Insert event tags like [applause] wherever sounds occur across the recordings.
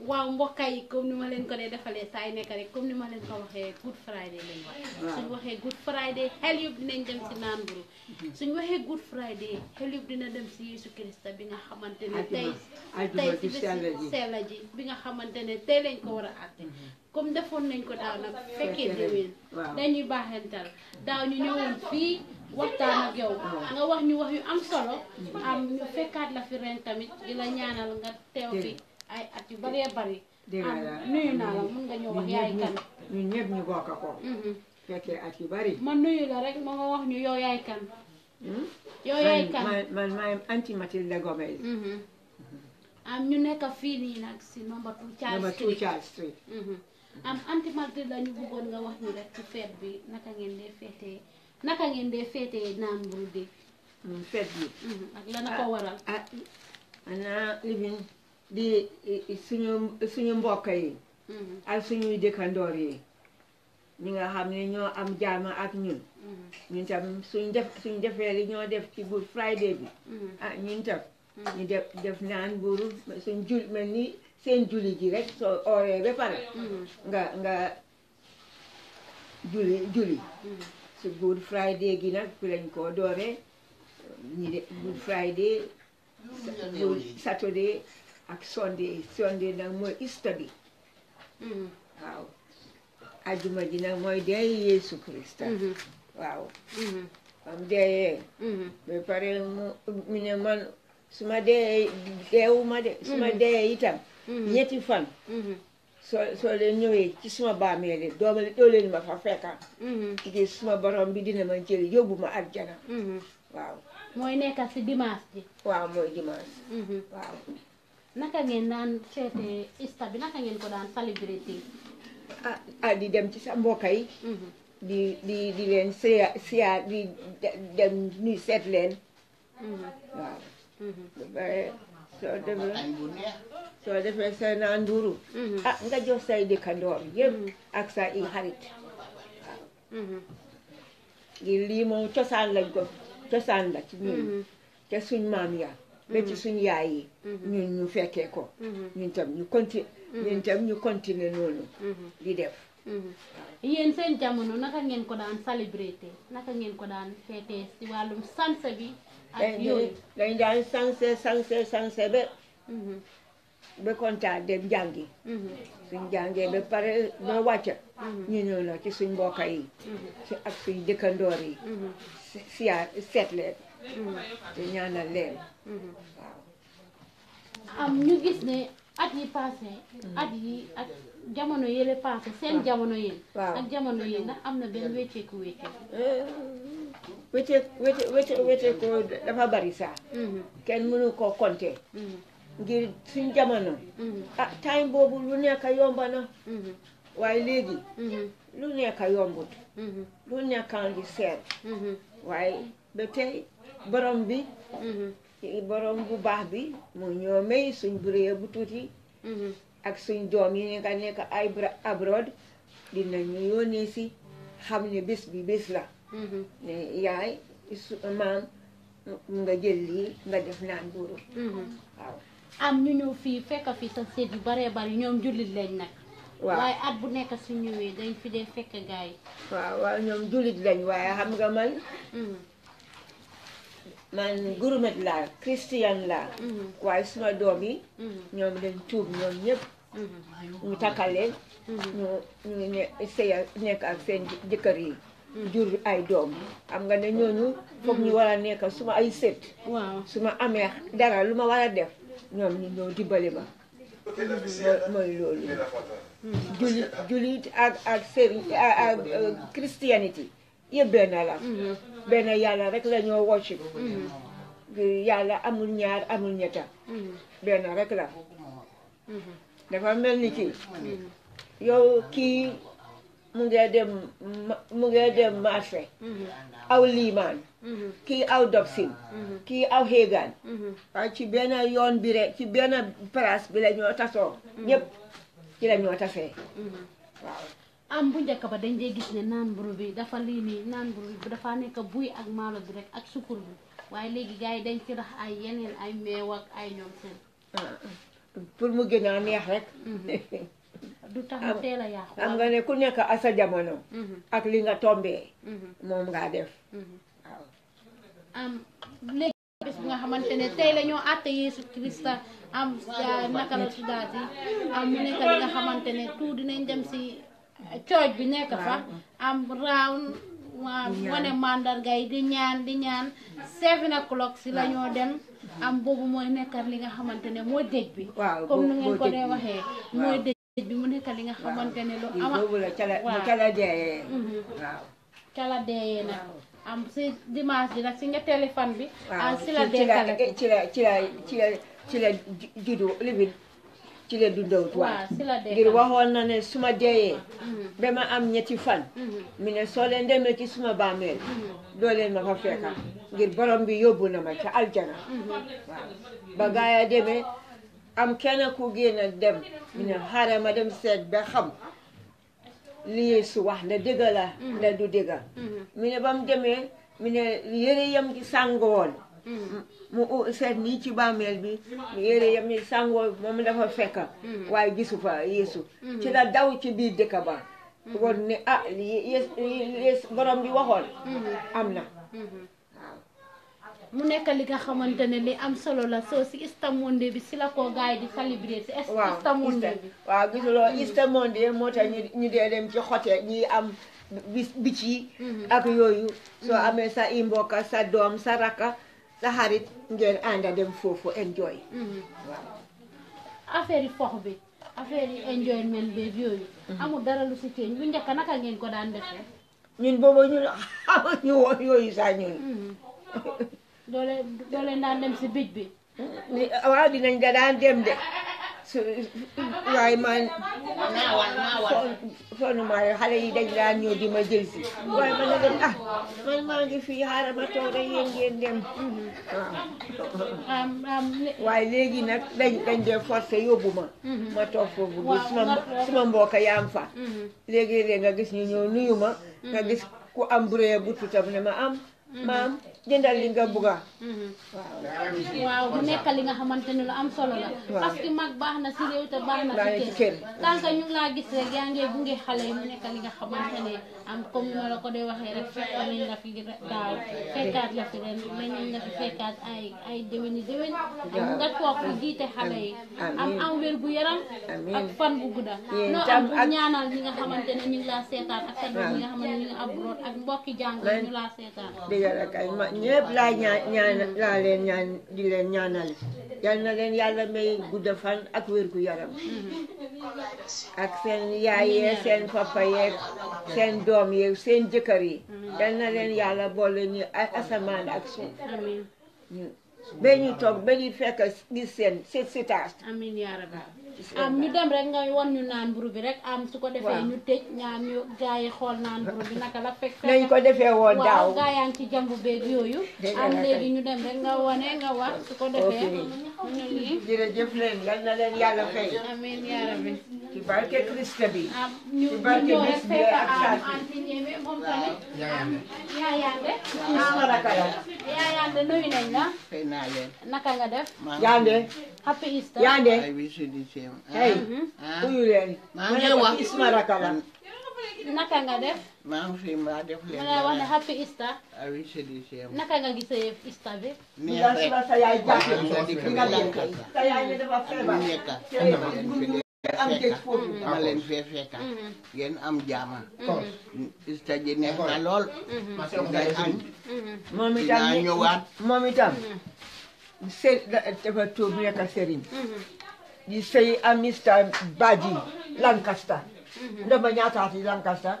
waaw mbokka yi comme ni ma leen ko dee defalee saa yu nekk rek comme ni ma leen ko waxee good friday lañ wax suñ waxee good friday xel yëpp dinañ dem si naan buru [laughs] suñ waxee good friday xel dina dem si Yeesu bi nga xamante ne tey tey si bési sella ji bi nga xamante ne tey lañ ko war a àtte mm-hmm. comme defoon nañ ko daaw nag fekkee déwén dañuy baaxantal daaw ñu ñëwoon fii waxtaan ak yow nga wax ñu wax yu am solo am fekkaat la fi ren tamit di la ñaanal nga teew fi ay at yu bëree bëri. dégg nuyu naa la ñu bokk mm-hmm. at yu bëri. ma nga wax ñu yow yaay kan. ñu nekk fii nii si number two Charles Street mm-hmm. nga wax ñu rek ci feet bi naka ngeen dee feetee naka mburu de. feet bi. Mm-hmm. ak la na ko ah, waral. ah ana living di suñu suñu mbokk yi mm-hmm. suñuy dëkkandoor yi ñi nga xam ne ñoo am jaama ak ñun mm-hmm. ñun tam suñ defee li ñoo def ci Good Friday bi mm-hmm. ah ñun tam ñu def naan buuru suñ ni seen juli ji soo ooree ba pare nga nga juli juli su Good Friday gi nag fi lañ koo dooree ñi de Good Friday Saturday ak Sunday Sunday nag mooy ista bi mm-hmm. waaw ajuma ji nag mooy dee Yeesu Krista mm-hmm. waaw mm-hmm. am deeyee ba pare mu ne su ma dee deewuma de su ma dee itam ñetti fan soo soo ci suma bàmmeele dooma doo leen ma fa fekka ci suma borom bi dina ma jël yóbbu ma àjjana waaw mooy nekka si dimanche ji waaw mooy dimanche waaw naka ngeen daan feete ista bi naka ngeen ko daan celebrate ah ah di dem ci sa mbokk mhm. di di di leen siya di dem ñu seet leen mhm. waaw mhm. soo defee soo defee say naa ah nga jox say dëkkandoor yëpp ak sa i xarit waaw lii moom cosaan lañ ko cosaan la ci ñun te suñ maam yaa ba ci mhm. suñu yaay yi mhm. ñu fekkee ko mhm. ñun tam ñu continuer ñun tam ñu continuer noonu di def yéen seen jamono naka ngeen ko daan célébrité naka ngeen ko daan feetee si wàllum sanse bi ak eh, yooyu eh, dañ daan sanse sanse sanse ba ba kontaan dem jàngi suñ jàngee ba pare ba wàcca ñu ñëw na ci suñ mbokk yi ak suñ dëkkandoor yi siyaar seet leen te ñaanal leen waaw am ñu gis ne at yi passé at yi ak jamono yële passé seen jamono yéen waaw jamono yéen ndax am na benn wécceeku wécceeku wécceeku wécceeku wécceeku dafa bari saa mm-hmm. kenn mënu koo compter mm-hmm. ngir suñ jamono mm-hmm. ah time boobu lu nekk yomb na waaye léegi lu nekk yombut lu nekk a ngi seet borom bi mhm. borom bu baax bi mu ñoo may suñ bureya bu tuuti mhm. ak suñ doom yi nga nekk ay abroad ñu yónnee si xam ne bés bi bés la mhm. ne yaay maam nga jël lii nga def naan buuru waaw am ñu ñëw fii fekk fii sa seet yu baree bari ñoom jullit lañ nag waaw waaye at bu nekk su ñëwee dañ fi dee fekk gaay waaw waaw ñoom jullit lañ waaye xam nga man man gurmet laa christian laa mm-hmm. waaye suma doom yi mm-hmm. ñoom dañ tuub ñoom ñëpp mm-hmm. ñu takkal ñu ñu nekk ak seen jëkkër yi jur ay doom xam nga ne ñooñu foog ñu war a nekk suma ay sët waaw suma amee dara lu ma war a def ñoom ñu ñoo dimbali ma mooy loolu julit julit ak ak sëriñ ak euh, christianity yëpp benn la mm-hmm. benn yàlla rek la ñoo wocci mm-hmm. yàlla amul ñaar amul ñetta mm-hmm. benn rek la dafa mel ni kii yow kii mu ngi dem mu ngi dem aw liimaan kii aw dobsin kii aw xéegaan ci benn yoon bi rek ci benn place bi la ñoo tasoo ñëpp ci la ñoo tasee am bu njëkk ba dañ dee gis ne naan mburu bi dafa lii nii naan mburu bi dafa nekk buy ak maalo bi rek ak sukkur bi waaye léegi gars yi dañ ci rax ay yeneen ay meew ay ñoom seen pour mu gën a neex rek mm-hmm. du tax mu teel a yàqu nga ne ku nekk ak sa jamono mm-hmm. ak li nga tombee mm-hmm. moom ngaa def waaw am léegi nga xamante ne tey la ñoo àtte Yeesu Kirista am naka la tuddaati am mu nekk li nga xamante ne tout dinañ dem si cooj bi nek fa am round iya. wane mandar gay di ñaan di ñaan seven o'clock si lañu nah. dem am bobu moy nekkal li nga xamantene mo moo bi comme nu ngeen ko dee mhm. waxe moy dëj bi mu nekkal li nga lo ne lu la cala deeyee cala de na am si dimanche bi si nga téléphone bi am ah, si la deekale ci la ci la ci la la ci la dundawutuwaat ngir waxoon na ne suma ma deeyee mm-hmm. ba ma am ñetti fan mi mm-hmm. ne soo leen demee ci suma bàmmeel mm-hmm. doo leen ma fa fekka ngir borom bi yóbbu na ma ca aljana waaw ba gaa demee am kenn ku génn dem mi ne xaaral ma dem seet ba xam li Yeesu wax nda dëgga la nda du dëgga mi ne ba demee mi ne yëre yam ci sàngoon mu set nii ci bàmmeel bi yére yam yi sàngoo moom dafa fekk mm-hmm. waaye gisu fa yeesu mm-hmm. ci la daw ci biir dëkk ba mm-hmm. woon ni ah li borom bi waxoon am na mu nekk li nga xamante ne li am solo la soo si Easter Monday bi si la ko gars yi di célébrer si Easter Monday bi waaw gisuloo Easter Monday moo tax ñu dee dem ci xote ñi am bis bic yi ak yooyu soo amee sa i mbokka sa doom sa rakka sa xarit ngeen ànda dem foofu enjoy. Mm-hmm. waaw. yi fox bi affaire yi enjoyment beeg yooyu. Mm-hmm. amul dara lu si ceeñ bu njëkk naka ngeen ko daan defee. ñun boobu ñun xamuñu [laughs] woon yooyu sax ñun. doole mm-hmm. doole daan dem si bij bi. waaw dinañ da daan dem de. su waaye man sonuma xale yi dañ laa ñëw di ma jël si waaye man na dem ah man maa fii xaaral ma toog rek ngeen dem mm-hmm. waaye léegi nag dañ dañ dee forcé yóbbu ma mm-hmm. ma toog foofu bi suma suma mbokk yaa am fa mm-hmm. léegi-léeg nga gis ñu ñëw nuyu ma nga gis ku am buree bu tutam ne ma am Mm-hmm. maam jëndal li nga bugga mm-hmm. waaw bu nekk li nga xamante ne lu am solo la parce mag baax na si réew te baax na si kër tant que ñu ngi laa gis rek yaa ngi gunge xale yi mu nekk li am comme ni la ko dee waxee rek fekk nañ la fi daaw fekkaat la fi ren nañ la fi fekkaat ay ay déwéni déwén nga toog fi jiite xale yi am am wér gu yaram ak fan bu gudda noo am bu ñaanal ñi nga xamante ne ñu ngi laa seetaan ak fan ñi nga xamante ne ñu abroad ak mbokki jàng ñu laa seetaan yàlla kay ma ñëpp laa ñaan ñaan laa leen ñaan di leen ñaanal yal na leen yàlla may gudd fan ak wérgu yaram ak seen yaay yeeg seen papa yeeg seen doom yeeg seen jëkkër yi yal na leen yàlla boole ñu asamaan ak suuf bee ñuy toog ba ñuy fekk gis seen seen sitaas. amiin yaa rabbi am ñu dem rek nga won ñu naan mburu bi rek am su ko defee ñu tëj ñaan ñu gars yi xool naan mburu bi naka la fekk nañ ko defee woo daaw waaw yaa ngi ci jàmbu beeg yooyu am léegi ñu dem rek nga wone nga wax su ko defee jërëjëf leen yal na leen yàlla fay. amiin rabbi. ci barke bi. Ah, ñu ñëw rek fekk am anti ñeme moom tamit. yaa yande. sama raka la. yaa def. yande. happy Easter. yande. ay wii si di seem. hey. Ah. uyu leen. maa ngi wax isma raka naka nga def. maa ngi fi maa def leen. ma wax ne happy Easter. oui c'est du naka nga gisee Easter bi. nii am géej foofu. leen fee fekka. Mm-hmm. ngeen am jaama. Mm-hmm. Easter ji neex lool. Mm-hmm. ngay añ. moom itam moom itam. sëy dafa tuub nekk sëriñ. di sëy am Easter Badji Lancaster. Mhm. ndema ñaataati Lancaster.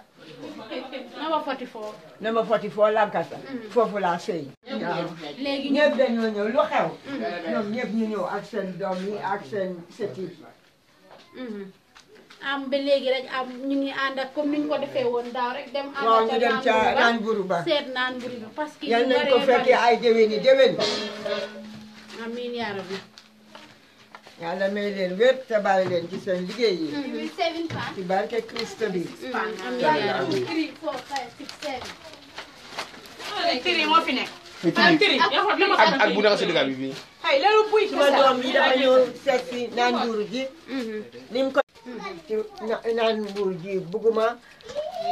nama 44. nama 44 Lancaster. Mhm. foofu laa sëy. waaw léegi ñëpp dañoo ñëw lu xew. Mhm. ñoom ñu ñëw ak seen doom yi ak seen sët am ba léegi rek am ñu ngi ànd ak comme ni ñu ko defee woon daaw rek dem. ànd ak dem ca naan buru seet naan buru ba parce que. yal nañu ko fekkee ay déwéni déwén. amiin yàlla may leen wér te bàyyi ci seen liggéey yi. ci barke Christ bi. ak ak bu nekk si dëgg bi bii. doom bi dafa ñëw seet naan mbuuru ji. Mhm. ni ko mhm. naan mbuuru ji bugguma.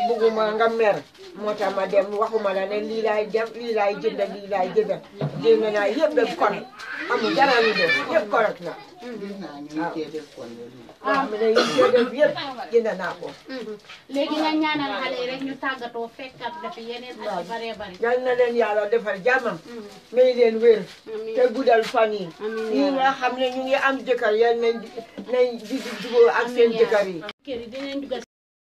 bugguma nga mer moo tax ma dem waxuma la ne lii laay def lii laay jënd lii laay jënd jënd naa yëpp def kon amul dara correct na waaw waaw mu ne yëpp def yëpp jënd naa ko. léegi nga ñaanal xale yi leen yàlla defal jàmmam. may leen wér. te guddal fan yi. ñi xam ne ñu ngi am jëkkër yal nañ nañ di jëkkër yi.